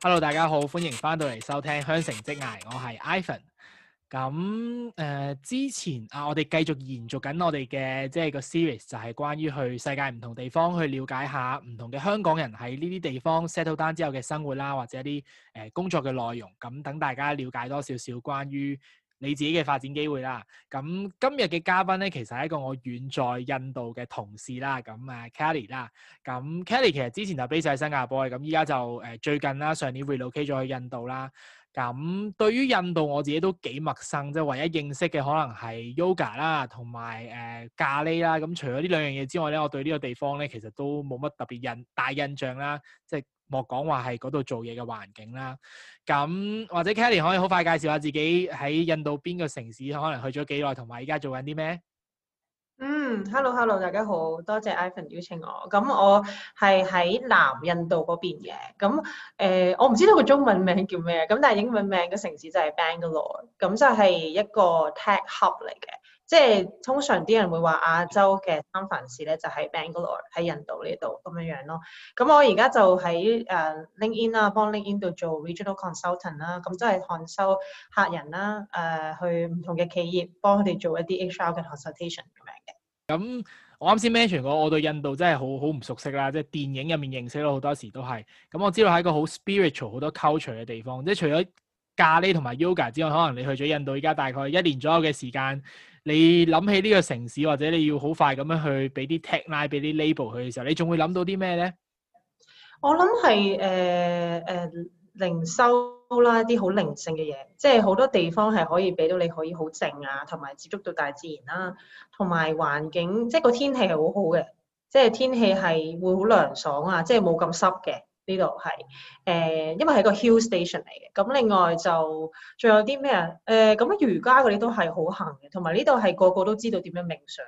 hello，大家好，歡迎翻到嚟，收聽香城職涯，我係 Ivan。咁誒、呃，之前啊，我哋繼續延續緊我哋嘅即係個 series，就係關於去世界唔同地方去了解下唔同嘅香港人喺呢啲地方 settle down 之後嘅生活啦，或者一啲誒、呃、工作嘅內容。咁等大家了解多少少關於。你自己嘅發展機會啦，咁今日嘅嘉賓咧，其實係一個我遠在印度嘅同事啦，咁啊 Cally 啦，咁 Cally 其實之前就 base 喺新加坡嘅，咁依家就誒、呃、最近啦，上年 relocate 咗去印度啦，咁對於印度我自己都幾陌生，即係唯一認識嘅可能係 yoga 啦，同埋誒咖喱啦，咁除咗呢兩樣嘢之外咧，我對呢個地方咧，其實都冇乜特別印大印象啦，即係。莫講話係嗰度做嘢嘅環境啦，咁或者 Cally 可以好快介紹下自己喺印度邊個城市，可能去咗幾耐，同埋依家做緊啲咩？嗯，hello hello，大家好，多謝 Ivan 邀請我，咁我係喺南印度嗰邊嘅，咁誒、呃、我唔知道個中文名叫咩，咁但係英文名嘅城市就係 Bangalore，咁就係一個 tech hub 嚟嘅。即係通常啲人會話亞洲嘅三藩市咧，就喺、是、Bangalore 喺印度呢度咁樣樣咯。咁我而家就喺誒 LinkedIn 啊，幫 LinkedIn 度做 Regional Consultant 啦。咁即係看收客人啦，誒、啊、去唔同嘅企業幫佢哋做一啲 HR 嘅 consultation 咁樣嘅。咁、嗯、我啱先 mention 過，我對印度真係好好唔熟悉啦，即係電影入面認識咯，好多時都係。咁、嗯、我知道係一個好 spiritual 好多 culture 嘅地方，即係除咗咖喱同埋 yoga 之外，可能你去咗印度依家大概一年左右嘅時間。你諗起呢個城市，或者你要好快咁樣去俾啲 tagline、俾啲 label 去嘅時候，你仲會諗到啲咩咧？我諗係誒誒靈修啦，一啲好靈性嘅嘢，即係好多地方係可以俾到你可以好靜啊，同埋接觸到大自然啦、啊，同埋環境即係個天氣係好好嘅，即係天氣係會好涼爽啊，即係冇咁濕嘅。呢度係，誒、呃，因為係個 hill station 嚟嘅。咁另外就，仲有啲咩啊？誒、呃，咁、呃、瑜伽嗰啲都係好行嘅，同埋呢度係個個都知道點樣冥想，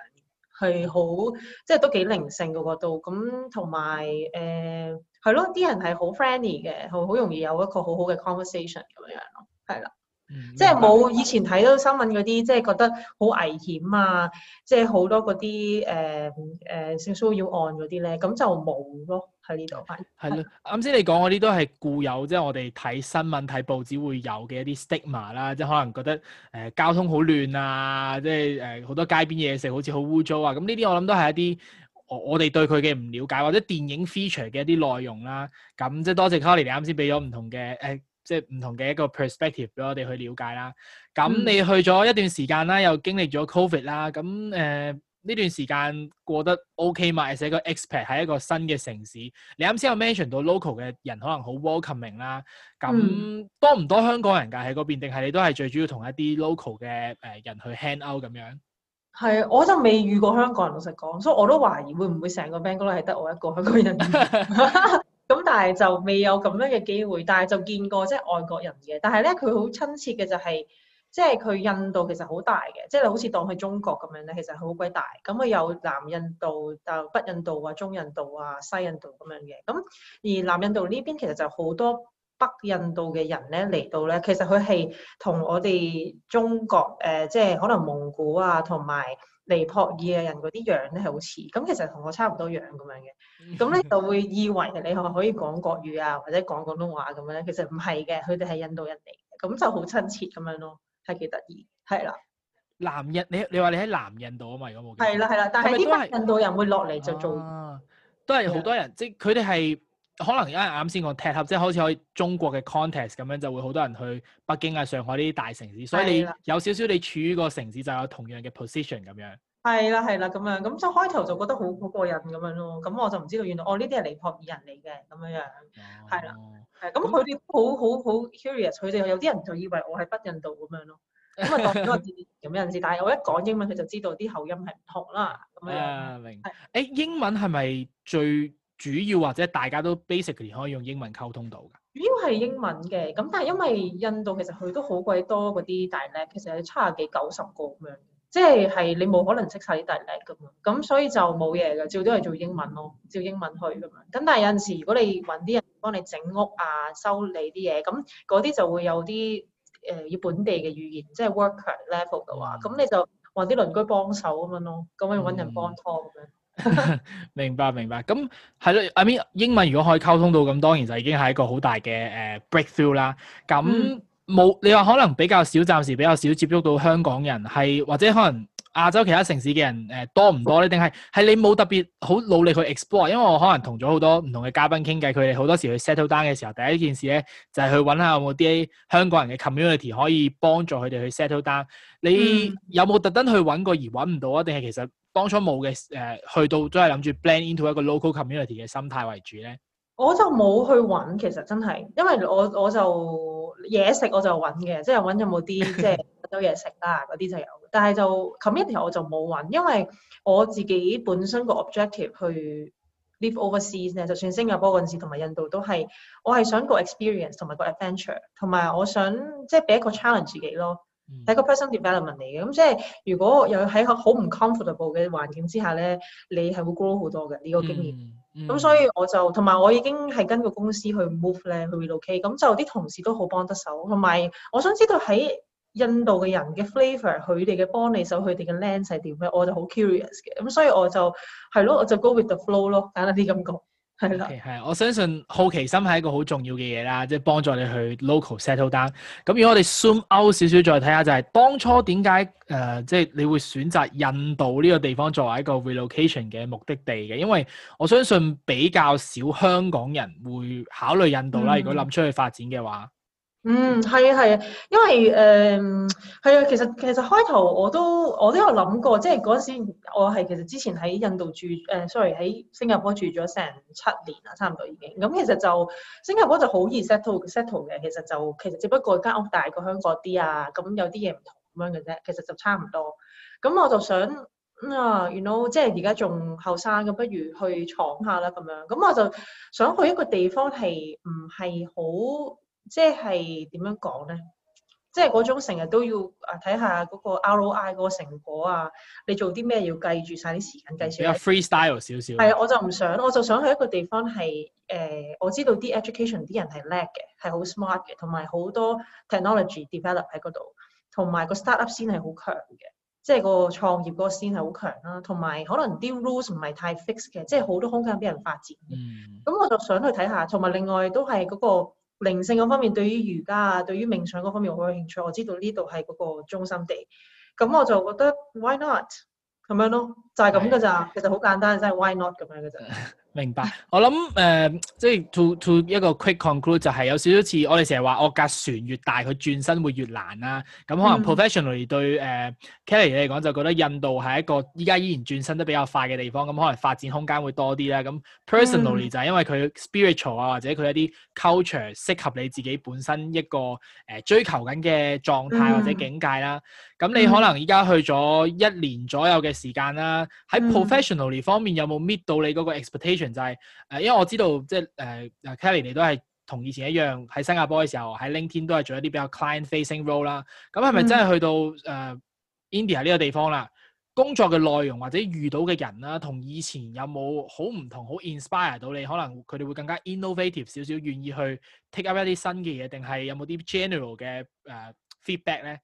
係好，即係都幾靈性個個度。咁同埋誒，係咯，啲、呃、人係好 friendly 嘅，好容易有一個好好嘅 conversation 咁樣咯，係啦。嗯、即係冇以前睇到新聞嗰啲，即係覺得好危險啊！即係好多嗰啲誒誒性騷擾案嗰啲咧，咁就冇咯喺呢度。係係咯，啱先、嗯、 你講嗰啲都係固有，即、就、係、是、我哋睇新聞睇報紙會有嘅一啲 stigma 啦，即係可能覺得誒、呃、交通好亂啊，即係誒好多街邊嘢食好似好污糟啊。咁呢啲我諗都係一啲我哋對佢嘅唔了解，或者電影 feature 嘅一啲內容啦。咁即係多謝 Cally 你啱先俾咗唔同嘅誒。呃即係唔同嘅一個 perspective 俾我哋去了解啦。咁你去咗一段時間啦，嗯、又經歷咗 covid 啦。咁誒呢段時間過得 OK 嘛？而且個 expat 係一個新嘅城市。你啱先有 mention 到 local 嘅人，人可能好 welcoming 啦。咁、嗯、多唔多香港人㗎喺嗰邊？定係你都係最主要同一啲 local 嘅誒人去 hand out 咁樣？係，我就未遇過香港人。老實講，所以我都懷疑會唔會成個 Bangalore 係得我一個香港人。 咁但係就未有咁樣嘅機會，但係就見過即係、就是、外國人嘅，但係咧佢好親切嘅就係、是，即係佢印度其實大、就是、好大嘅，即係好似當佢中國咁樣咧，其實好鬼大，咁佢有南印度、就北印度啊、中印度啊、西印度咁樣嘅，咁而南印度呢邊其實就好多北印度嘅人咧嚟到咧，其實佢係同我哋中國誒、呃，即係可能蒙古啊同埋，尼泊爾嘅人嗰啲樣咧係好似，咁其實同我差唔多樣咁樣嘅，咁咧就會以為你可可以講國語啊，或者講廣東話咁樣咧，其實唔係嘅，佢哋係印度人嚟嘅。咁就好親切咁樣咯，係幾得意，係啦。南印，你你話你喺南印度啊嘛，如果冇記錯。係啦係啦，但係呢班印度人會落嚟就做。啊、都係好多人，是即佢哋係。可能有人啱先講踢合，即係好似喺中國嘅 contest 咁樣，就會好多人去北京啊、上海呢啲大城市，所以你有少少你處於個城市就有同樣嘅 position 咁樣。係啦，係啦，咁樣咁即係開頭就覺得好好過癮咁樣咯。咁我就唔知道原來哦呢啲係尼泊爾人嚟嘅咁樣樣。係啦，係咁佢哋好好好 curious，佢哋有啲人就以為我係北印度咁樣咯。咁啊當然我唔唔咩事，但係我一講英文佢就知道啲口音係唔同啦。啊，明。誒，英文係咪最？主要或者大家都 basically 可以用英文溝通到嘅，主要係英文嘅，咁但係因為印度其實佢都好鬼多嗰啲大叻，其實係七十幾九十個咁樣，即係係你冇可能識晒啲大叻噶嘛，咁所以就冇嘢嘅，照都係做英文咯，照英文去咁樣。咁但係有陣時如果你揾啲人幫你整屋啊、修理啲嘢，咁嗰啲就會有啲誒要本地嘅語言，即係 worker level 嘅話，咁、嗯、你就揾啲鄰居幫手咁樣咯，咁可以揾人幫拖咁樣。嗯嗯。 明白，明白。咁係咯，I mean, 英文如果可以溝通到，咁當然就已經係一個好大嘅誒 breakthrough 啦。咁、uh, 冇、嗯、你話可能比較少，暫時比較少接觸到香港人，係或者可能亞洲其他城市嘅人誒多唔多咧？定係係你冇特別好努力去 explore？因為我可能同咗好多唔同嘅嘉賓傾偈，佢哋好多時去 settle down 嘅時候，第一件事咧就係、是、去搵下有冇啲香港人嘅 community 可以幫助佢哋去 settle down。嗯、你有冇特登去搵過而搵唔到啊？定係其實？當初冇嘅誒，去到都係諗住 blend into 一個 local community 嘅心態為主咧。我就冇去揾，其實真係，因為我我就嘢食我就揾嘅，即係揾有冇啲 即係到嘢食啦，嗰啲就有。但係就 community 我就冇揾，因為我自己本身個 objective 去 live overseas 咧，就算新加坡嗰陣時同埋印度都係，我係想個 experience 同埋個 adventure，同埋我想即係俾一個 challenge 自己咯。睇個 person development 嚟嘅，咁、嗯、即係如果又喺個好唔 comfortable 嘅環境之下咧，你係會 grow 好多嘅呢、這個經驗。咁、嗯嗯、所以我就同埋我已經係跟個公司去 move 咧去 relocate，咁就啲同事都好幫得手，同埋我想知道喺印度嘅人嘅 flavor，佢哋嘅幫你手，佢哋嘅 lens 係點樣，我就好 curious 嘅。咁所以我就係咯，我就 go with the flow 咯，揀下啲感覺。係啦，okay，我相信好奇心係一個好重要嘅嘢啦，即係幫助你去 local settle down。咁如果我哋 zoom out 少少再睇下，就係當初點解誒，即係你會選擇印度呢個地方作為一個 relocation 嘅目的地嘅？因為我相信比較少香港人會考慮印度啦。嗯。如果諗出去發展嘅話。嗯，係啊，係啊，因為誒，係、呃、啊，其實其實開頭我都我都有諗過，即係嗰陣時我係其實之前喺印度住誒、呃、，sorry 喺新加坡住咗成七年啦，差唔多已經。咁、嗯、其實就新加坡就好易 settle settle 嘅，其實就其實只不過間屋大過香港啲啊，咁、嗯、有啲嘢唔同咁樣嘅啫，其實就差唔多。咁、嗯、我就想、嗯、啊，原來 you know, 即係而家仲後生，咁不如去闖下啦咁樣。咁、嗯、我就想去一個地方係唔係好。即係點樣講咧？即係嗰種成日都要啊，睇下嗰個 ROI 嗰個成果啊，你做啲咩要計住晒啲時間計算。有 freestyle 少少。係啊，我就唔想，我就想去一個地方係誒、呃，我知道啲 education 啲人係叻嘅，係好 smart 嘅，同埋好多 technology develop 喺嗰度，同埋個 startup 先係好強嘅，即係個創業嗰個先係好強啦、啊。同埋可能啲 rules 唔係太 fixed 嘅，即係好多空間俾人發展。嘅、嗯。咁我就想去睇下，同埋另外都係嗰、嗰個。靈性嗰方面，對於瑜伽啊，對於冥想嗰方面，我好有興趣。我知道呢度係嗰個中心地，咁我就覺得 why not 咁樣咯，就係咁㗎咋。 其實好簡單，真係 why not 咁樣㗎咋。 明白，我諗誒、呃，即係 to to 一個 quick conclude 就係有少少似我哋成日話我架船越大，佢轉身會越難啦、啊。咁可能 professionally、嗯、對誒、呃、Kelly 嚟講，就覺得印度係一個依家依然轉身得比較快嘅地方，咁可能發展空間會多啲啦。咁 personally、嗯、就係因為佢 spiritual 啊，或者佢一啲 culture 適合你自己本身一個誒、呃、追求緊嘅狀態或者境界啦、啊。嗯咁、嗯、你可能依家去咗一年左右嘅時間啦，喺 profes、嗯、sionally 方面有冇 meet 到你嗰個 expectation？就係、是、誒，嗯、因為我知道即係誒 Kelly 你都係同以前一樣喺新加坡嘅時候喺 LinkedIn 都係做一啲比較 client facing role 啦。咁係咪真係去到誒、呃、India 呢個地方啦？嗯、工作嘅內容或者遇到嘅人啦，同以前有冇好唔同？好 inspire 到你，可能佢哋會更加 innovative 少少，願意去 take up 一啲新嘅嘢，定係有冇啲 general 嘅誒、uh, feedback 咧？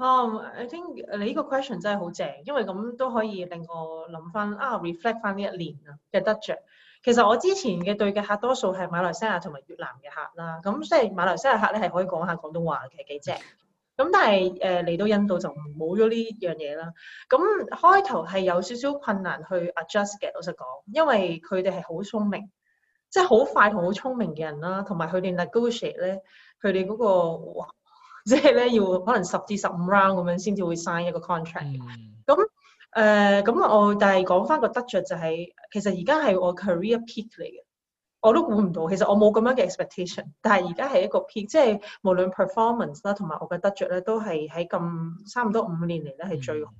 哦，I think 你呢個 question 真係好正，因為咁都可以令我諗翻啊，reflect 翻呢一年啊嘅得着。其實我之前嘅對嘅客多數係馬來西亞同埋越南嘅客啦，咁即係馬來西亞客咧係可以講下廣東話嘅幾正，咁但係誒嚟到印度就冇咗呢樣嘢啦。咁開頭係有少少困難去 adjust 嘅，老實講，因為佢哋係好聰明，即係好快同好聰明嘅人啦，同埋佢哋 negotiate 咧，佢哋嗰個即係咧，要可能十至十五 round 咁樣，先至會 sign 一個 contract。咁誒、嗯，咁、嗯呃、我但係講翻個得着就係、是，其實而家係我 career peak 嚟嘅，我都估唔到。其實我冇咁樣嘅 expectation，但係而家係一個 peak，即係無論 performance 啦，同埋我嘅得着咧，都係喺咁差唔多五年嚟咧係最好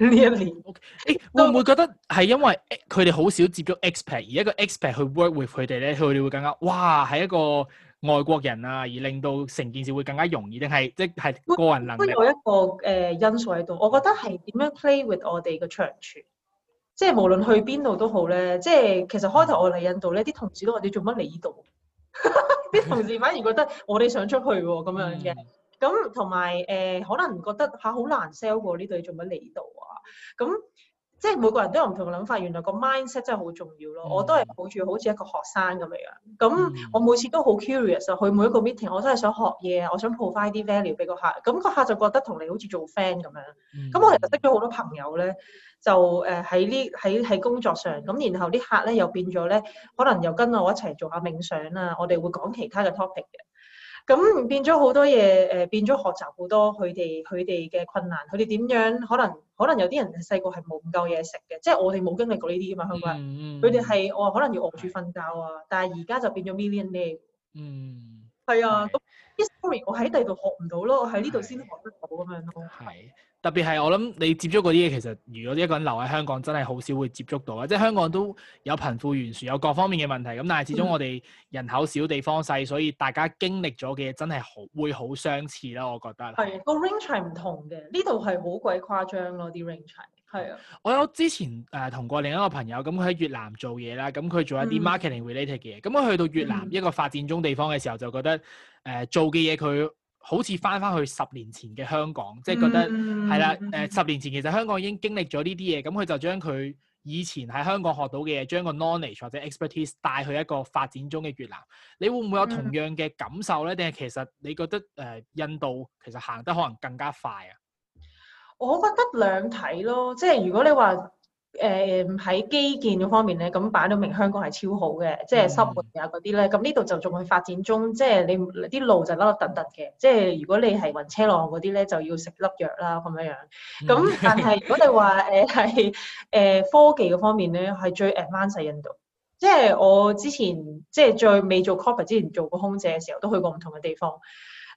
呢、嗯、 一年。誒、okay. 欸，都 會唔會覺得係因為佢哋好少接觸 expat，而一個 expat 去 work with 佢哋咧，佢哋會更加哇，係一個。外國人啊，而令到成件事會更加容易，定係即係個人能力都有一個誒、呃、因素喺度？我覺得係點樣 play with 我哋嘅長處，即係無論去邊度都好咧。即係其實開頭我嚟印度咧，啲同事都話你做乜嚟呢度？啲 同事反而覺得我哋想出去喎，咁樣嘅。咁同埋誒，可能覺得吓好難 sell 喎，呢度你做乜嚟呢度啊？咁。即係每個人都有唔同嘅諗法，原來個 mindset 真係好重要咯。嗯、我都係抱住好似一個學生咁嚟㗎。咁我每次都好 curious 去每一個 meeting，我真係想學嘢，我想 provide 啲 value 俾個客。咁、個客就覺得同你好似做 friend 咁樣。咁、嗯、我其實識咗好多朋友咧，就誒喺呢喺喺工作上，咁然後啲客咧又變咗咧，可能又跟我一齊做下冥想啊，我哋會講其他嘅 topic 嘅。咁變咗好多嘢，誒、呃、變咗學習好多佢哋佢哋嘅困難，佢哋點樣可能可能有啲人細個係冇唔夠嘢食嘅，即係我哋冇經歷過呢啲噶嘛，香港人，佢哋係我可能要餓住瞓覺啊，嗯、但係而家就變咗 millionaire，n 嗯，係啊，咁啲 story 我喺第度學唔到咯，我喺呢度先學得到咁樣咯，係、嗯。okay. okay. 特別係我諗你接觸嗰啲嘢，其實如果一個人留喺香港，真係好少會接觸到啦。即係香港都有貧富懸殊，有各方面嘅問題。咁但係始終我哋人口少，地方細，所以大家經歷咗嘅嘢真係好會好相似啦。我覺得係個 range 係唔同嘅，呢度係好鬼誇張咯，啲 range 係啊。我有之前誒同過另一個朋友，咁佢喺越南做嘢啦，咁、嗯、佢做一啲 marketing related 嘅嘢。咁佢、嗯、去到越南一個發展中地方嘅時候，就覺得誒、呃呃、做嘅嘢佢。好似翻翻去十年前嘅香港，即係覺得係啦，誒、嗯呃、十年前其實香港已經經歷咗呢啲嘢，咁佢就將佢以前喺香港學到嘅嘢，將個 knowledge 或者 expertise 帶去一個發展中嘅越南，你會唔會有同樣嘅感受咧？定係其實你覺得誒、呃、印度其實行得可能更加快啊？我覺得兩睇咯，即係如果你話。誒喺、嗯、基建方面咧，咁擺到明香港係超好嘅，即係濕地啊嗰啲咧，咁呢度就仲喺發展中，即係你啲路就凹凹凸凸嘅，即係如果你係暈車浪嗰啲咧，就要食粒藥啦咁樣樣。咁、嗯嗯、但係如果你話誒係誒科技嗰方面咧，係最 advance 印度，即係我之前即係最未做 copy 之前做過空姐嘅時候，都去過唔同嘅地方。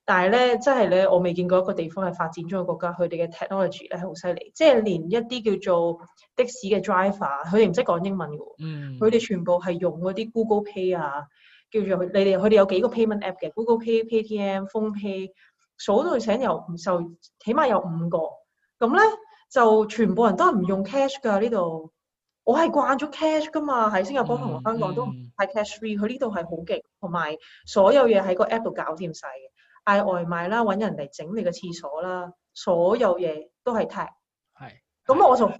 但係咧，真係咧，我未見過一個地方係發展中嘅國家，佢哋嘅 technology 咧好犀利，即係連一啲叫做的士嘅 driver，佢哋唔識講英文嘅喎，佢哋、嗯、全部係用嗰啲 Google Pay 啊，叫做你哋佢哋有幾個 payment app 嘅 Google Pay、PayTM、Phone Pay，數都未請又唔受，起碼有五個咁咧，就全部人都係唔用 cash 㗎呢度。我係慣咗 cash 㗎嘛，喺新加坡同香港、嗯嗯、都係 cash free，佢呢度係好勁，同埋所有嘢喺個 app 度搞掂曬嘅。嗌外賣啦，揾人哋整你個廁所啦，所有嘢都係 tech 咁我就好誒、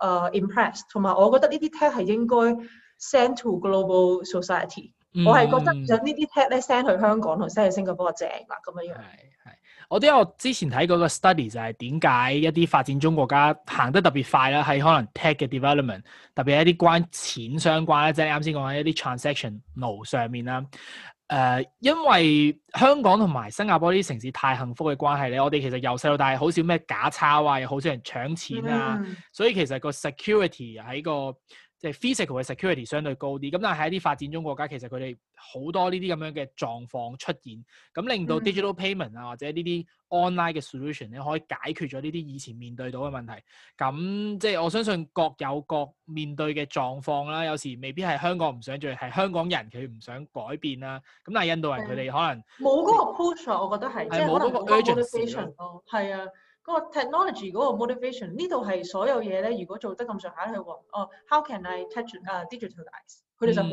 uh, impressed，同埋我覺得呢啲 tech 係應該 send to global society、嗯。我係覺得有呢啲 tech 咧 send 去香港同 send 去新加坡正啦，咁樣樣。係係，我都我之前睇嗰個 study 就係點解一啲發展中國家行得特別快啦，喺可能 tech 嘅 development，特別係一啲關錢相關咧，即係啱先講喺一啲 transaction a 路上面啦。誒，uh, 因為香港同埋新加坡啲城市太幸福嘅關係咧，我哋其實由細到大好少咩假鈔啊，又好少人搶錢啊，Yeah. 所以其實個 security 喺個。即係 physical 嘅 security 相對高啲，咁但係喺啲發展中國家，其實佢哋好多呢啲咁樣嘅狀況出現，咁令到 digital payment 啊或者呢啲 online 嘅 solution 咧可以解決咗呢啲以前面對到嘅問題。咁即係我相信各有各面對嘅狀況啦，有時未必係香港唔想做，係香港人佢唔想改變啦。咁但係印度人佢哋可能冇嗰個 push，我覺得係係冇嗰個 urgency 係啊。嗰個 technology 嗰個 motivation，呢度係所有嘢咧。如果做得咁上下去喎，哦、oh,，how can I tech 啊 digitalise？佢哋就好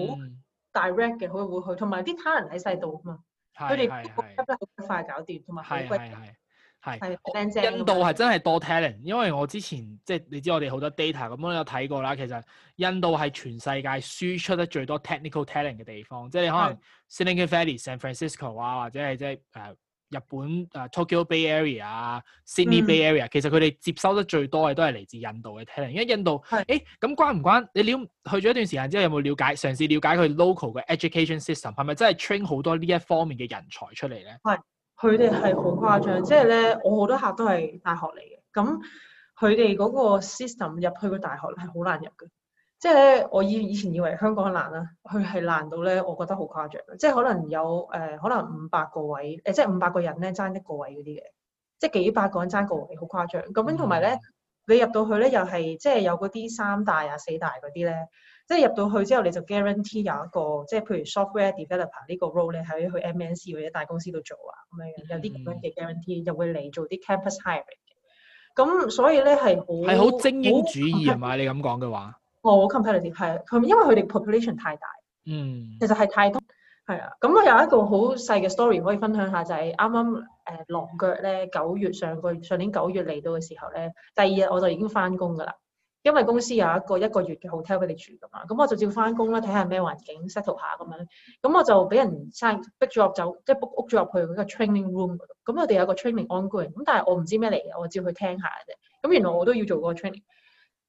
direct 嘅、嗯，佢會去，同埋啲他人喺細度啊嘛。佢哋一個級咧好快搞掂，同埋係係係。印度係真係多 talent，因為我之前即係你知我哋好多 data 咁都有睇過啦。其實印度係全世界輸出得最多 technical talent 嘅地方。即係你可能 Silicon Valley、San Francisco 啊，或者係即係誒。日本啊 Tokyo Bay Area 啊 Sydney Bay Area、嗯、其實佢哋接收得最多嘅都係嚟自印度嘅 talent，因為印度誒咁是、欸、關唔關？你了去咗一段時間之後有冇了解，嘗試了解佢 local 嘅 education system 係咪真係 train 好多呢一方面嘅人才出嚟咧？係，佢哋係好誇張，即係咧我好多客都係大學嚟嘅，咁佢哋嗰個 system 入去個大學係好難入嘅。即係咧，我以以前以為香港難啦，佢係難到咧，我覺得好誇張。即係可能有誒、呃，可能五百個位，誒即係五百個人咧爭一個位嗰啲嘅，即係幾百個人爭個位，好誇張。咁樣同埋咧，嗯、你入到去咧又係即係有嗰啲三大啊四大嗰啲咧，即係入到去之後你就 guarantee 有一個，即係譬如 software developer 呢個 role 咧喺佢 MNC 或者大公司度做啊咁樣，有樣 antee，嗯，有啲咁樣嘅 guarantee，又會嚟做啲 campus hiring 嘅。咁所以咧係好係好精英主義啊嘛？很你咁講嘅話。我、oh, competitive 係佢，因為佢哋 population 太大，嗯，其實係太多係啊。咁我有一個好細嘅 story 可以分享下，就係啱啱誒落腳咧九月上個月上年九月嚟到嘅時候咧，第二日我就已經翻工噶啦，因為公司有一個一個月嘅 hotel 俾你住噶嘛，咁我就照翻工啦，睇下咩環境 settle 下咁樣。咁我就俾人塞逼咗入走，即係 book 屋咗入去嗰個 training room。咁我哋有個 training ongoing，咁但係我唔知咩嚟嘅，我照去聽下嘅啫。咁原來我都要做個 training。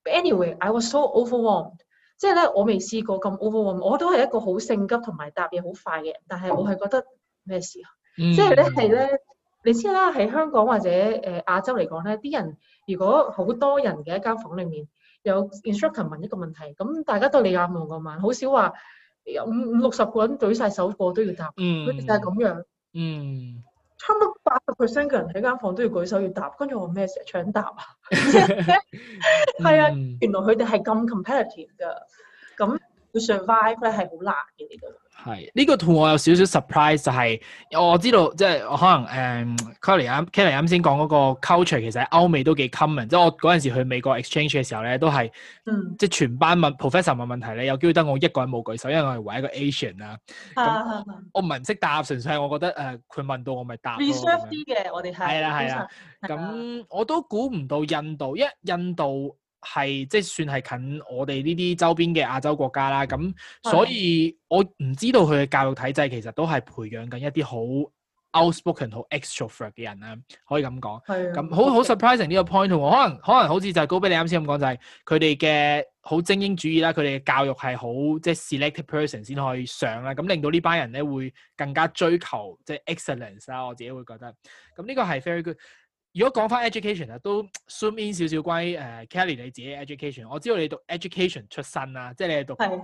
Anyway，I was so overwhelmed，即係咧我未試過咁 overwhelmed，我都係一個好性急同埋答嘢好快嘅人，但係我係覺得咩事啊？即係咧係咧，你知啦，喺香港或者誒、呃、亞洲嚟講咧，啲人如果好多人嘅一間房裡面有 instructor 問一個問題，咁大家都你眼望我眼，好少話有五五六十個人舉晒手過都要答，就係咁樣。Mm hmm. 差唔多八十 percent 嘅人喺間房都要舉手要答，跟住我咩成日搶答啊？係 啊， 原來佢哋係咁 competitive 㗎，咁要 survive 咧係好難嘅呢㗎。係，呢個圖我有少少 surprise 就係、是，我知道即係可能誒 Cally 啱 Cally 啱先講嗰個 culture 其實喺歐美都幾 common，即係我嗰陣時去美國 exchange 嘅時候咧，都係，即係全班問 professor 問問題咧，有叫得我一個人冇舉手，因為我係唯一一個 Asian 啦、嗯，咁、啊、我唔係唔識答，純粹係我覺得誒佢、呃、問到我咪答，reserve 啲嘅我哋係，係啦係啦，咁我都估唔到印度，因為印度。係即係算係近我哋呢啲周邊嘅亞洲國家啦，咁、嗯、所以、嗯、我唔知道佢嘅教育體制其實都係培養緊一啲好 outspoken、好 extroverted 嘅人啦，可以咁講。係咁好好 surprising 呢個 point，可能可能好似就高比你啱先咁講，就係佢哋嘅好精英主義啦，佢哋嘅教育係好即係 selected person 先可以上啦，咁令到呢班人咧會更加追求即係 excellence 啦，就是、ex cellence, 我自己會覺得，咁呢個係 very good。如果講翻 education 啊，都 zoom in 少少關於誒、呃、Kelly 你自己 education，我知道你讀 education 出身啦，即係你係讀係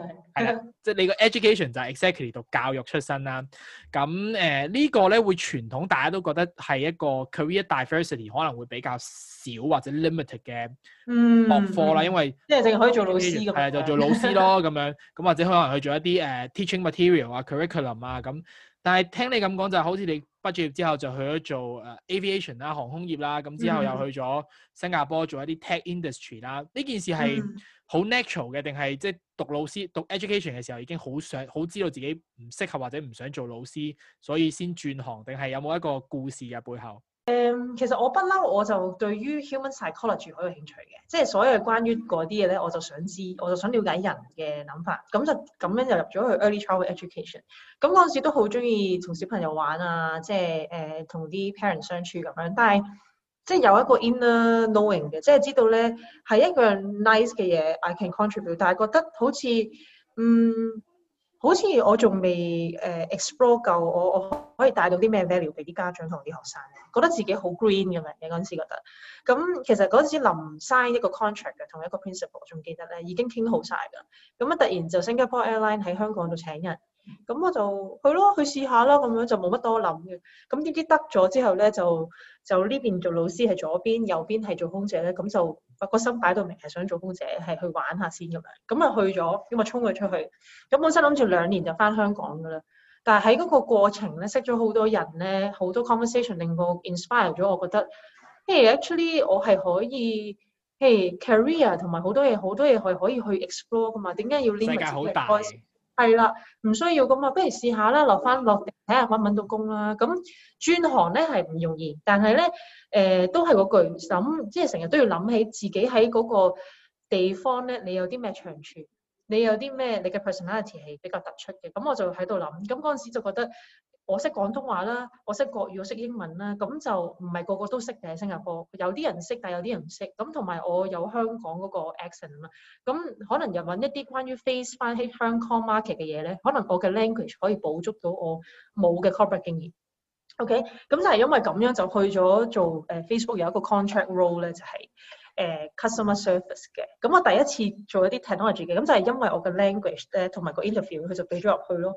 啦，即係、 就是、你個 education 就 exactly 讀教育出身啦。咁誒、呃這個、呢個咧會傳統，大家都覺得係一個 career diversity 可能會比較少或者 limited 嘅學科啦，嗯、因為、嗯、即係淨係可以做老師咁，係啊，就做老師咯咁樣，咁 或者可能去做一啲誒、uh, teaching material 啊 curriculum 啊咁。但係聽你咁講就係、是、好似你。就是畢業之後就去咗做誒 aviation 啦，航空業啦，咁之後又去咗新加坡做一啲 tech industry 啦。呢件事係好 natural 嘅，定係即係讀老師讀 education 嘅時候已經好想好知道自己唔適合或者唔想做老師，所以先轉行，定係有冇一個故事嘅背後？誒，um, 其實我不嬲，我就對於 human psychology 好有興趣嘅，即係所有關於嗰啲嘢咧，我就想知，我就想了解人嘅諗法，咁就咁樣就入咗去 early childhood education。咁嗰陣時都好中意同小朋友玩啊，即係誒同、呃、啲 parent 相處咁樣，但係即係有一個 inner knowing 嘅，即係知道咧係一樣 nice 嘅嘢，I can contribute，但係覺得好似嗯。好似我仲未誒、呃、explore 夠我，我我可以帶到啲咩 value 俾啲家長同啲學生咧，覺得自己好 green 咁樣有嗰陣時覺得。咁其實嗰陣時臨 sign 一個 contract 嘅，同一個 principal，我仲記得咧已經傾好晒㗎。咁啊突然就新加坡 airline 喺香港度請人，咁我就去咯，去試下啦。咁樣就冇乜多諗嘅。咁點知，知得咗之後咧，就就呢邊做老師係左邊，右邊係做空姐咧，咁就。個心擺到明係想做空姐，係去玩下先咁樣。咁啊去咗，咁啊衝佢出去。咁本身諗住兩年就翻香港噶啦。但係喺嗰個過程咧，識咗好多人咧，好多 conversation 令我 inspire 咗。我覺得，譬如、hey, actually 我係可以，譬如、hey, career 同埋好多嘢，好多嘢係可以去 explore 噶嘛。點解要 limit 世界好大？係啦，唔需要咁啊，不如試下啦，落翻落地睇下搵唔搵到工啦。咁專行咧係唔容易，但係咧誒都係嗰句諗，即係成日都要諗起自己喺嗰個地方咧，你有啲咩長處，你有啲咩你嘅 personality 係比較突出嘅。咁我就喺度諗，咁嗰陣時就覺得。我識廣東話啦，我識國語，我識英文啦，咁就唔係個個都識嘅。新加坡有啲人識，但有啲人唔識。咁同埋我有香港嗰個 accent 啦。咁、嗯、可能又揾一啲關於 face 翻喺香港 market 嘅嘢咧，可能我嘅 language 可以補足到我冇嘅 corporate 經驗。OK，咁就係因為咁樣就去咗做誒、呃、Facebook 有一個 contract role 咧、就是，就係誒 customer service 嘅。咁我第一次做一啲 technology，嘅，咁就係因為我嘅 language 咧、呃、同埋個 interview，佢就俾咗入去咯。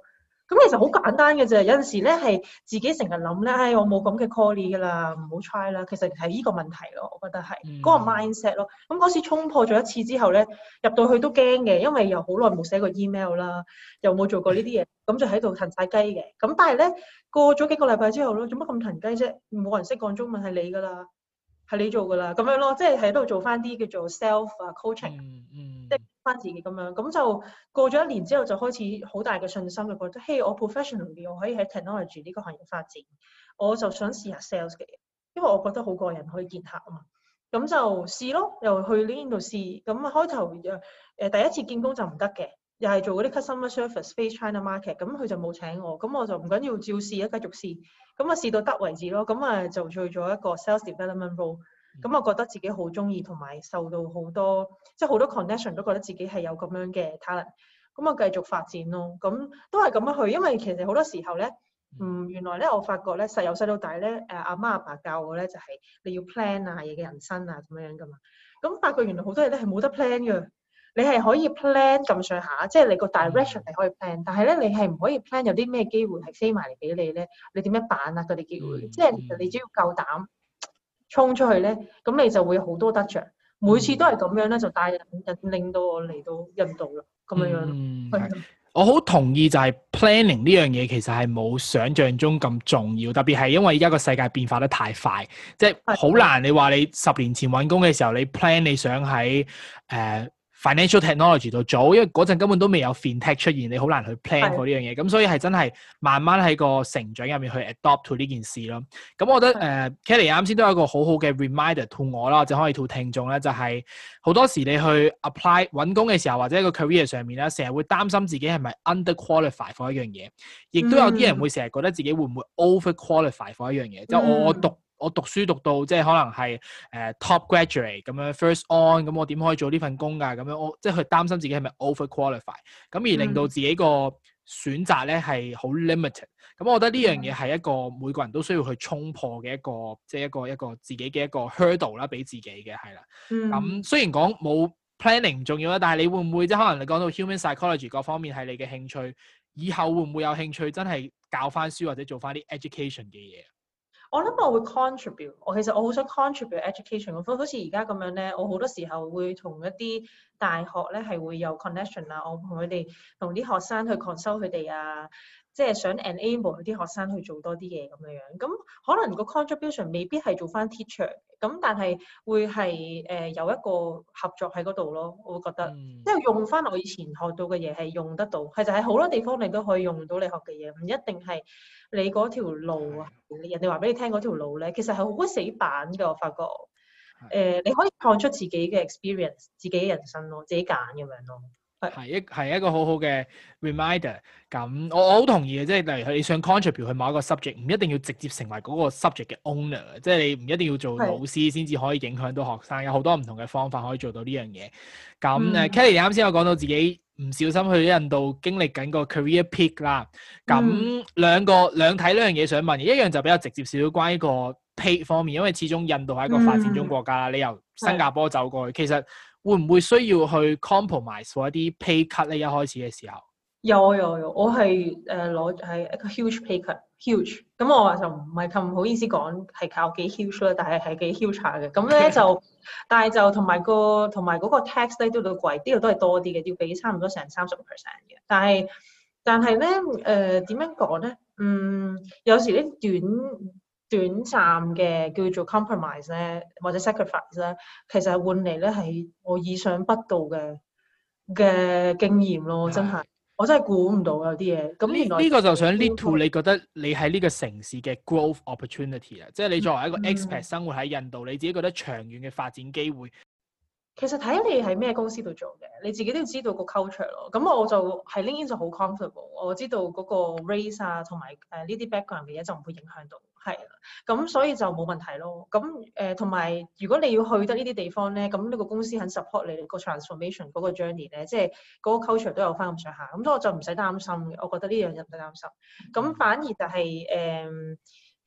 咁其實好簡單嘅啫，有陣時咧係自己成日諗咧，唉，我冇咁嘅 call 嘅啦，唔好 try 啦。其實係依個問題咯，我覺得係嗰、嗯、個 mindset 咯。咁嗰時衝破咗一次之後咧，入到去都驚嘅，因為又好耐冇寫過 email 啦，又冇做過呢啲嘢，咁就喺度騰晒雞嘅。咁但係咧過咗幾個禮拜之後咯，做乜咁騰雞啫？冇人識講中文係你㗎啦。係你做㗎啦，咁樣咯，即係喺度做返啲叫做 self 啊 coaching、嗯嗯、即係返自己咁樣，咁就過咗一年之後就開始好大嘅信心，就覺得嘿，我 professional 嘅，我可以喺 technology 呢個行業發展，我就想試下 sales 嘅嘢，因為我覺得好過人可以見客啊嘛，咁就試咯，又去呢度試，咁開頭誒、呃、第一次見工就唔得嘅。又係做嗰啲 customer service face China market，咁佢就冇請我，咁我就唔緊要，照試一繼續試，咁啊試，試到得為止咯，咁啊就做咗一個 sales development role，咁啊覺得自己好中意同埋受到好多，即係好多 connection 都覺得自己係有咁樣嘅 talent，咁啊繼續發展咯，咁都係咁樣去，因為其實好多時候咧，嗯，原來咧我發覺咧，由細到大咧，誒阿媽阿爸教我咧就係你要 plan 啊嘢嘅人生啊咁樣噶嘛，咁發覺原來好多嘢咧係冇得 plan 嘅。你係可以 plan 咁上下，即係你個 direction 你可以 plan，但係咧你係唔可以 plan 有啲咩機會係飛埋嚟俾你咧？你點樣辦啊？嗰啲機會，即係對你只要夠膽衝出去咧，咁你就會好多得着。每次都係咁樣咧，就帶引引到我嚟到印度咯，咁樣樣。嗯，的我好同意就係 planning 呢樣嘢其實係冇想象中咁重要，特別係因為而家個世界變化得太快，即係好難。你話你十年前搵工嘅時候，你 plan 你想喺誒，呃 Financial technology 度做，因為嗰陣根本都未有 FinTech 出現，你好難去 plan 到呢樣嘢，咁的所以係真係慢慢喺個成長入面去 adopt to 呢件事咯。咁我覺得誒的、uh，Kelly 啱先都有一個好好嘅 reminder to 我啦，就可以 to 聽眾咧，就係好多時你去 apply 揾工嘅時候，或者喺個 career 上面咧，成日會擔心自己係咪 underqualify 嗰一樣嘢，亦都有啲人會成日覺得自己會唔會 overqualify 嗰一樣嘢，即係我我我讀書讀到即係可能係誒、uh, top graduate 咁樣 first on 咁我點可以做呢份工㗎咁樣我即係佢擔心自己係咪 over qualify 咁而令到自己個選擇咧係好 limited 咁、嗯嗯、我覺得呢樣嘢係一個每個人都需要去衝破嘅一個即係一個一個,一個自己嘅一個 hurdle 啦，俾自己嘅係啦。咁、嗯嗯、雖然講冇 planning 唔重要啦，但係你會唔會即係可能你講到 human psychology 各方面係你嘅興趣，以後會唔會有興趣真係教翻書或者做翻啲 education 嘅嘢？我諗我會 contribute，我其實我好想 contribute education，咁樣好似而家咁樣咧，我好多時候會同一啲大學咧係會有 connection 啊，我同佢哋同啲學生去 console 佢哋啊。即係想 enable 啲學生去做多啲嘢咁樣樣，咁可能個 contribution 未必係做翻 teacher，咁但係會係誒、呃、有一個合作喺嗰度咯，我覺得，嗯、即係用翻我以前學到嘅嘢係用得到，其實喺好多地方你都可以用到你學嘅嘢，唔一定係你嗰條路啊，的人哋話俾你聽嗰條路咧，其實係好鬼死板㗎，我發覺，誒、呃、你可以看出自己嘅 experience，自己嘅人生咯，自己揀咁樣咯。係一係一個好好嘅 reminder。咁我我好同意嘅，即係例如你想 contribute 去某一個 subject，唔一定要直接成為嗰個 subject 嘅 owner，即係你唔一定要做老師先至可以影響到學生。是有好多唔同嘅方法可以做到呢樣嘢。咁誒、嗯、Kelly，你啱先有講到自己唔小心去印度經歷緊個 career peak 啦。咁、嗯、兩個兩睇呢樣嘢，想問一樣就比較直接少少，關於個 pay 方面，因為始終印度係一個發展中國家啦。嗯、你由新加坡走過去，是其實～會唔會需要去 compromise 一啲 pay cut 咧？一開始嘅時候有有有，我係誒攞係一個 huge pay cut，huge。咁我話就唔係咁好意思講，係靠幾 huge 啦，但係係幾 huge 嘅。咁咧就，但係就同埋、個同埋嗰個 tax 咧都好貴，啲嘅都係多啲嘅，要俾差唔多成三十個 percent 嘅。但係但係咧誒點樣講咧？嗯，有時啲短短暫嘅叫做 compromise 咧，或者 sacrifice 咧，其實換嚟咧係我意想不到嘅嘅經驗咯，真係的我真係估唔到有啲嘢。咁呢呢個就想 lead to 你覺得你喺呢個城市嘅 growth opportunity 啊、嗯，即係你作為一個 expat e 生活喺印度，你自己覺得長遠嘅發展機會。其實睇你喺咩公司度做嘅，你自己都要知道個 culture 咯。咁我就係 LinkedIn 就好 comfortable，我知道嗰個 race 啊同埋誒呢啲 background 嘅嘢就唔會影響到。係，咁所以就冇問題咯。咁誒，同、呃、埋如果你要去得呢啲地方咧，咁呢個公司肯 support 你、個 transformation 嗰個 journey 咧，即係嗰個 culture 都有翻咁上下，咁我就唔使擔心。我覺得呢樣唔使擔心。咁反而就係、是、誒、呃，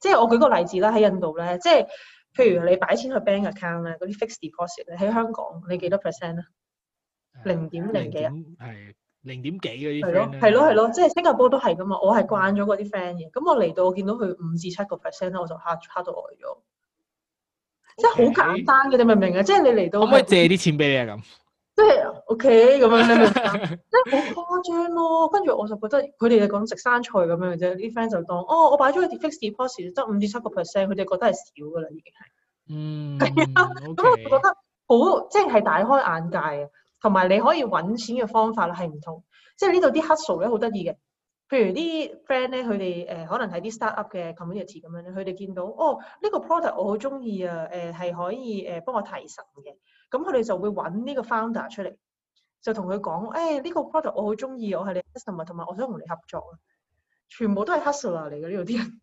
即係我舉個例子啦，喺印度咧，即係譬如你擺錢去 bank account 咧，嗰啲 fixed deposit 咧，喺香港你幾多 percent 咧？零點零幾啊？零點幾嗰啲 friend，係咯係咯係咯，即係新加坡都係噶嘛。我係慣咗嗰啲 friend 嘅，咁我嚟到我見到佢五至七個 percent 咧，我就嚇嚇到呆咗 Okay.。即係好簡單嘅，你明唔明啊？ 即係你嚟到可唔可以借啲錢俾你啊？咁即係 OK 咁樣咧，即係好誇張咯。跟住我就覺得佢哋就講食生菜咁樣嘅啫，啲 friend 就當 哦，我擺咗啲 fixed deposit 得五至七個 percent，佢哋覺得係少噶啦，已經係嗯，係啊，咁我就覺得好即係大開眼界啊！同埋你可以揾錢嘅方法咧係唔同，即係呢度啲 hustle 咧好得意嘅，譬如啲 friend 咧佢哋誒可能喺啲 start up 嘅 community 咁樣咧，佢哋見到哦呢個 product 我好中意啊，誒、呃、係可以誒、呃、幫我提神嘅，咁佢哋就會揾呢個 founder 出嚟，就同佢講誒呢個 product 我好中意，我係你 customer，同埋我想同你合作啊，全部都係 hustler 嚟嘅呢度啲人。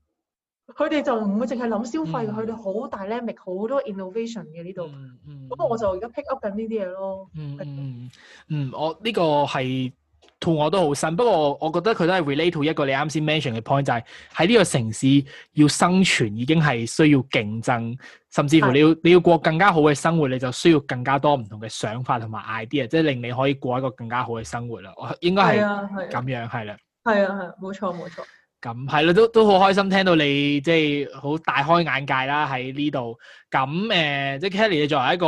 佢哋就唔會淨係諗消費，佢哋好 dynamic，好多 innovation 嘅呢度、嗯。嗯，咁我我就而家 pick up 緊呢啲嘢咯。嗯嗯是嗯，嗯，我呢、呢個係吐我都好新，不過我覺得佢都係 relate to 一個你啱先 mention 嘅 point，就係喺呢個城市要生存已經係需要競爭，甚至乎你要的你要過更加好嘅生活，你就需要更加多唔同嘅想法同埋 idea，即係令你可以過一個更加好嘅生活啦。我應該係咁樣係啦。係啊係，冇錯冇錯。咁係咯，都都好開心聽到你即係好大開眼界啦，喺呢度。咁誒、呃，即係 Cally，你作為一個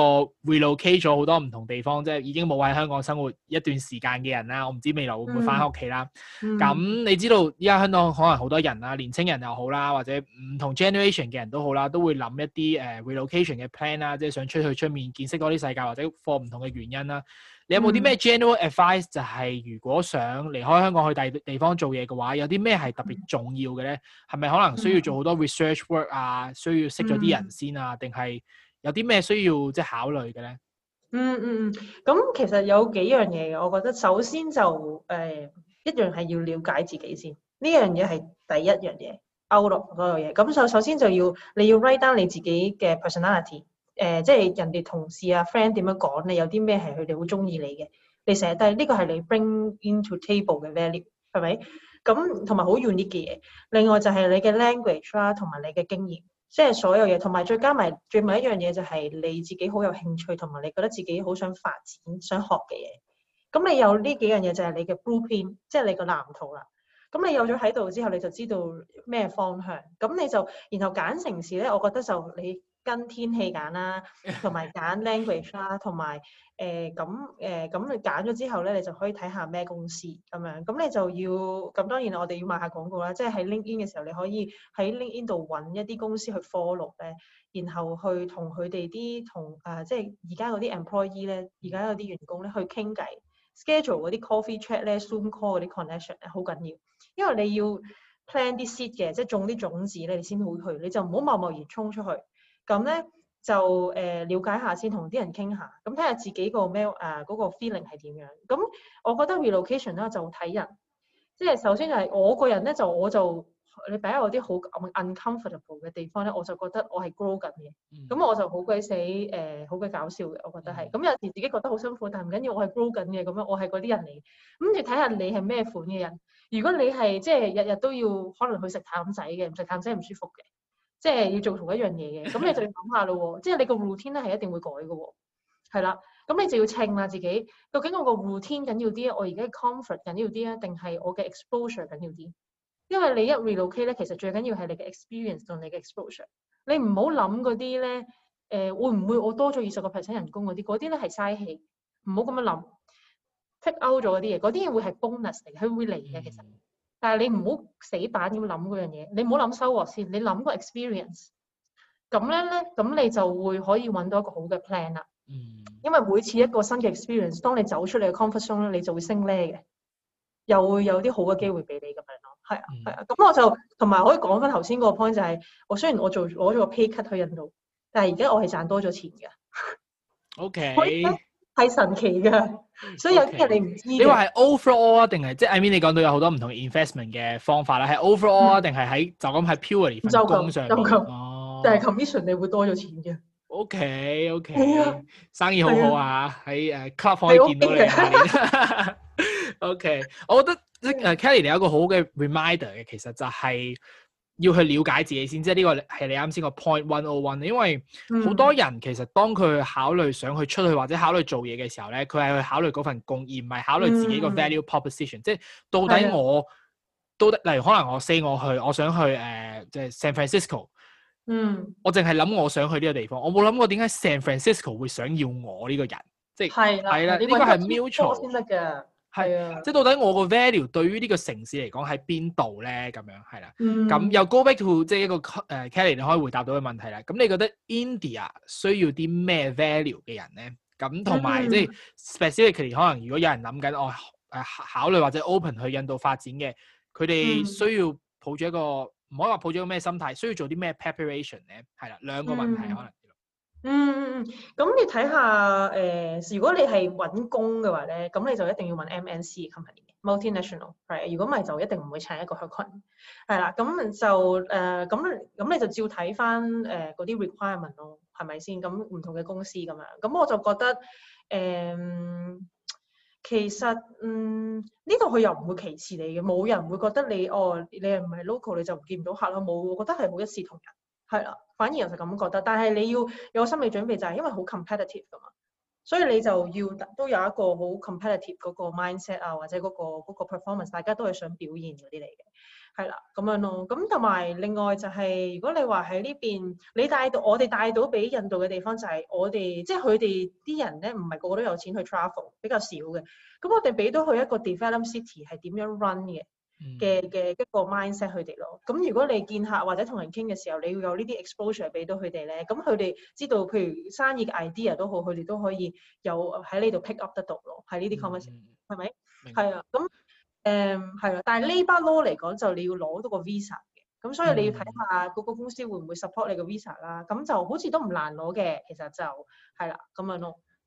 relocate 咗好多唔同地方，即係已經冇喺香港生活一段時間嘅人啦。我唔知未來會唔會返屋企啦。咁、嗯、你知道依家香港可能好多人啦，年青人又好啦，或者唔同 generation 嘅人都好啦，都會諗一啲誒 relocation 嘅 plan 啦，即係想出去出面見識多啲世界，或者 for 唔同嘅原因啦。你有冇啲咩 general advice？就係、是、如果想離開香港去第地方做嘢嘅話，有啲咩係特別重要嘅咧？係咪 可能需要做好多 research work 啊？需要識咗啲人先啊？定係有啲咩需要即係考慮嘅咧？嗯嗯，嗯。咁其實有幾樣嘢嘅，我覺得首先就誒、嗯、一樣係要了解自己先，呢樣嘢係第一樣嘢，勾落嗰個嘢。咁首首先就要你要 write down 你自己嘅 personality。誒、呃，即係人哋同事啊、friend 點樣講你，有啲咩係佢哋好中意你嘅？你成日都係呢個係你 bring into table 嘅 value，係咪？咁同埋好 unique 嘅嘢。另外就係你嘅 language 啦、啊，同埋你嘅經驗，即係所有嘢，同埋再加埋最尾一樣嘢就係你自己好有興趣，同埋你覺得自己好想發展、想學嘅嘢。咁你有呢幾樣嘢就係你嘅 blueprint，即係你個藍圖啦。咁你有咗喺度之後，你就知道咩方向。咁你就然後揀城市咧，我覺得就你。跟天氣揀啦，同埋揀 language 啦，同埋誒咁誒咁你揀咗之後咧，你就可以睇下咩公司咁樣。咁你就要咁，當然我哋要賣下廣告啦。即、就、係、是、喺 LinkedIn 嘅時候，你可以喺 LinkedIn 度揾一啲公司去 follow 咧，然後去同佢哋啲同誒，即係而家嗰啲 employee 咧，而家嗰啲員工咧去傾偈 ，schedule 嗰啲 coffee chat 咧 ，soon call 嗰啲 connection 咧，好緊要。因為你要 plan 啲 s i t 嘅，即、就、係、是、種啲種子咧，你先會去。你就唔好冒冒然衝出去。咁咧就誒、呃、了解下先，同啲人傾下，咁睇下看看自己、呃那個 mail 誒嗰個 feeling 係點樣。咁我覺得 relocation 咧就睇人，即係首先就係我個人咧就我就你第一我啲好 uncomfortable 嘅地方咧，我就覺得我係 grow 緊嘅，咁、嗯、我就好鬼死誒好鬼搞笑嘅，我覺得係。咁、嗯、有時自己覺得好辛苦，但係唔緊要，我係 grow 緊嘅，咁樣我係嗰啲人嚟。咁你睇下你係咩款嘅人？如果你係即係日日都要可能去食淡仔嘅，唔食淡仔唔舒服嘅。即係要做同一樣嘢嘅，咁 你就要諗下咯喎，即係你個 routine 咧係一定會改嘅喎，係啦，咁你就要稱啦自己，究竟我個 routine 緊要啲，我而家 comfort 緊要啲啊，定係我嘅 exposure 緊要啲？因為你一 relocate 咧、呃 bon re，其實最緊要係你嘅 experience 同你嘅 exposure。你唔好諗嗰啲咧，誒會唔會我多咗二十個 percent 人工嗰啲，嗰啲咧係嘥氣，唔好咁樣諗，take out 咗嗰啲嘢，嗰啲嘢會係 bonus 嚟嘅，佢會嚟嘅其實。但係你唔好死板咁諗嗰樣嘢，你唔好諗收穫先，你諗個 experience。咁咧咧，咁你就會可以搵到一個好嘅 plan 啦。嗯。因為每次一個新嘅 experience，當你走出嚟嘅 comfort zone 咧，你就會升呢嘅，又會有啲好嘅機會俾你咁樣咯。係啊，係啊。咁、嗯、我就同埋可以講翻頭先嗰個 point 就係、是，我雖然我做攞咗個 pay cut 去印度，但係而家我係賺多咗錢嘅。 O Okay . K。係神奇㗎，所以有啲人你唔知道。你話係 overall 啊，定係即係 I mean 你講到有好多唔同 investment 嘅方法啦，係 overall 啊，定係喺就咁喺 purely 基金上？就咁，就咁。哦。但係 commission 你會多咗錢嘅。OK，OK。係啊。生意好好啊，喺誒 club 可以見到你。OK，我覺得誒 Cally 你有一個好嘅 reminder 嘅，其實就係。要去了解自己先，即係呢個係你啱先個 point one o one，因為好多人其實當佢考慮想去出去或者考慮做嘢嘅時候咧，佢係去考慮嗰份工，而唔係考慮自己個 value proposition，即係到底我到底例如可能我 say 我去，我想去誒即、呃、係、就是、San Francisco，嗯，我淨係諗我想去呢個地方，我冇諗過點解 San Francisco 會想要我呢個人，即係係啦，呢個係 mutual 先得嘅。係啊，嗯、即係到底我個 value 對於呢個城市嚟講喺邊度咧？咁樣係啦，咁、嗯、又 go back to 即係一個誒 Cally 你可以回答到嘅問題啦。咁你覺得 India 需要啲咩 value 嘅人咧？咁同埋即係 specifically 可能如果有人諗緊我誒考慮或者 open 去印度發展嘅，佢哋需要抱住一個唔可以話抱住一個咩心態，需要做啲咩 preparation 咧？係啦，兩個問題、嗯、可能。嗯嗯嗯，咁你睇下誒、呃，如果你係揾工嘅話咧，咁你就一定要揾 MNC company，Multinational，如果唔係就一定唔會請一個香港人，係啦，咁就誒，咁、呃、咁你就照睇翻誒嗰啲 requirement 咯，係咪先？咁唔同嘅公司咁樣，咁我就覺得誒、呃，其實嗯，呢度佢又唔會歧視你嘅，冇人會覺得你哦，你係唔係 local 你就見唔到客啦，冇，我覺得係好一視同仁。係啦，反而我就咁覺得，但係你要有心理準備就係因為好 competitive 噶嘛，所以你就要都有一個好 competitive 嗰個 mindset 啊，或者嗰、嗰個嗰個 performance，大家都係想表現嗰啲嚟嘅，係啦，咁樣咯。咁同埋另外就係、是，如果你話喺呢邊你帶到，我哋帶到俾印度嘅地方就係我哋，即係佢哋啲人咧，唔係個個都有錢去 travel，比較少嘅。咁我哋俾到佢一個 develop city 係點樣 run 嘅？嘅嘅、嗯、一個 mindset 佢哋咯，咁如果你見客或者同人傾嘅時候，你要有呢啲 exposure 俾到佢哋咧，咁佢哋知道，譬如生意嘅 idea 都好，佢哋都可以有喺呢度 pick up 得到咯，喺呢啲 conversation，係咪？係啊，咁誒係啊，但係 labour law 嚟講就你要攞到個 visa 嘅，咁所以你要睇下嗰個公司會唔會 support 你個 visa 啦，咁就好似都唔難攞嘅，其實就係啦，咁、啊、樣咯。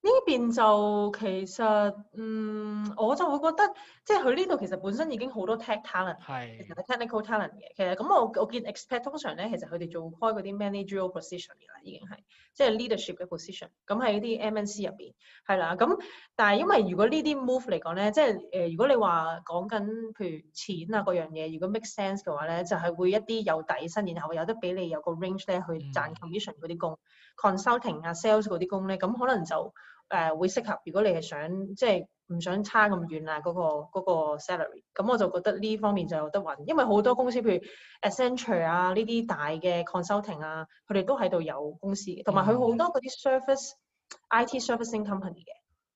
呢邊就其實，嗯，我就會覺得，即係佢呢度其實本身已經好多 tech talent，係的，其實 technical talent 嘅。其實咁我我見 expat 通常咧，其實佢哋做開嗰啲 managerial position 嘅啦，已經係即係 leadership 嘅 position。咁喺啲 MNC 入邊係啦。咁但係因為如果呢啲 move 嚟講咧，即係誒、呃，如果你話講緊譬如錢啊嗰樣嘢，如果 make sense 嘅話咧，就係、是、會一啲有底薪，然後有得俾你有個 range 咧去賺 commission 嗰啲工。嗯 consulting 啊 sales 嗰啲工咧，咁可能就誒、呃、會適合。如果你係想即係唔想差咁遠啊，嗰個嗰個 salary，咁我就覺得呢方面就有得搵。因為好多公司譬如 Accenture 啊呢啲大嘅 consulting 啊，佢哋、啊、都喺度有公司，嘅、mm，同埋佢好多嗰啲 service IT servicing company 嘅，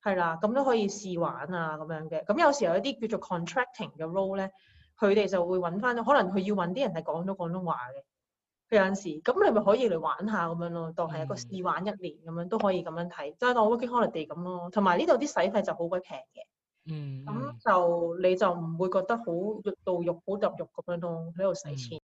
係啦，咁都可以試玩啊咁樣嘅。咁有時候有一啲叫做 contracting 嘅 role 咧，佢哋就會搵翻，可能佢要搵啲人係講咗廣東話嘅。有陣時，咁你咪可以嚟玩下咁樣咯，當係一個試玩一年咁、嗯、樣都可以咁樣睇，即係當 working holiday 咁咯。同埋呢度啲洗費就好鬼平嘅，咁、嗯嗯、就你就唔會覺得好入到肉好入肉咁樣咯，喺度使錢。嗯。